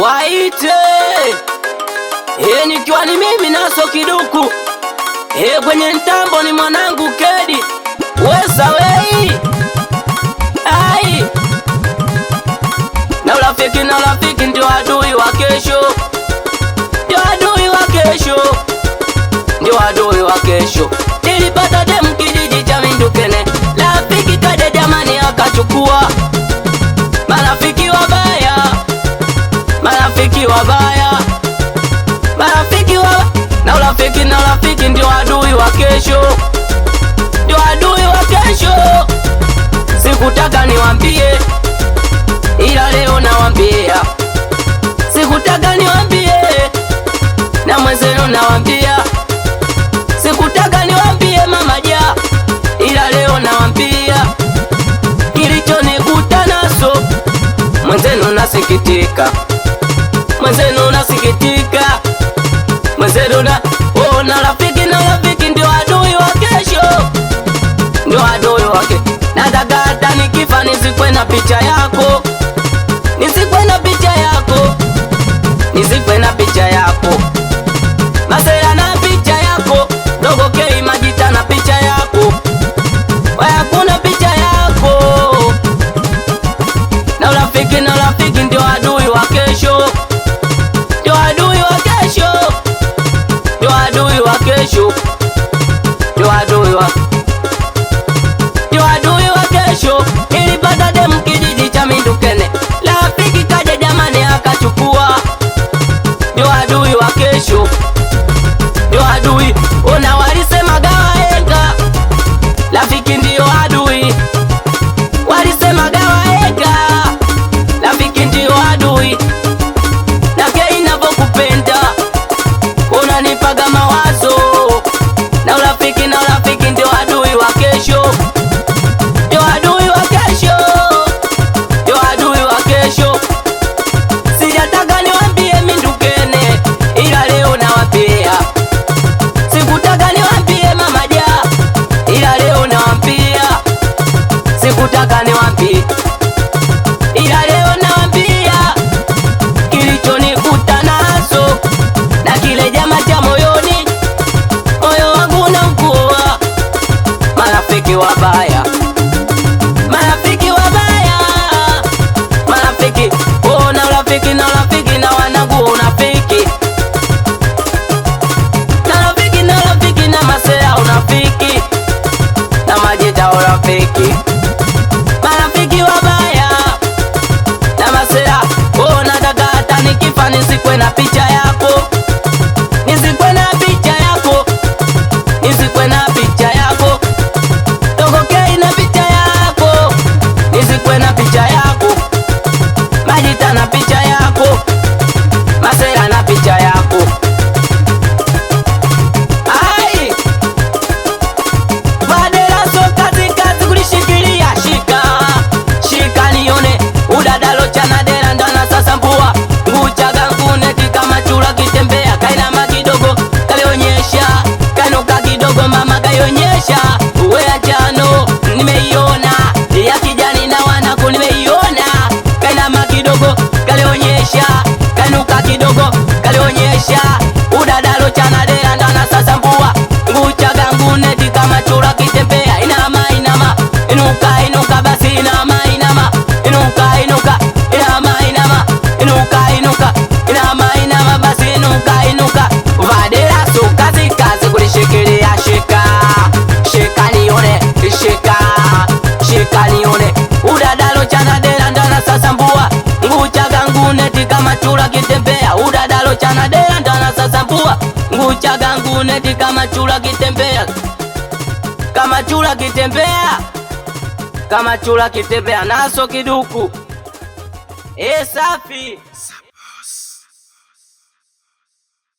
Waite hii nikiwa ni mimi Naso Kiduku, hii kwenye ntambo ni mwanangu Kedi wesa wei ai na urafiki na urafiki ndio adui wa kesho, ndio adui wa kesho, ndio adui wa kesho. Nilipata demu kijiji cha Mindukene, rafiki kade jamani akachukua na urafiki na urafiki ndio adui wa kesho, ndio adui wa kesho. Sikutaka niwambie, ila leo nawambia. Sikutaka niwambie, na mwenzenu nawambia. Sikutaka niwambie mama ja, ila leo nawambia. Kilichonikuta naso mwenzenu nasikitika, mwenzenu nasikitika selula. Oh, na rafiki na rafiki ndio adui wa kesho, ndio adui wake. Nataka hata nikifa nisikwe na picha yako, nisikwe na picha yako, nisikwe na picha yako Masera は kutakane wapi, ila leo nawambia kilichonikuta naso na kile jama cha moyoni, moyo wangu na mkua marafiki wabaya, marafiki wabaya, marafiki oh, na urafiki na urafiki na wanangu unafiki na urafiki na urafiki na masea unafiki na urafiki ゃ kama chura kitembea, udadalo dea ndana sasa mbua nguchaga nguneti kama chura kitembea, kama chura kitembea, kama chura kitembea naso kiduku e safi.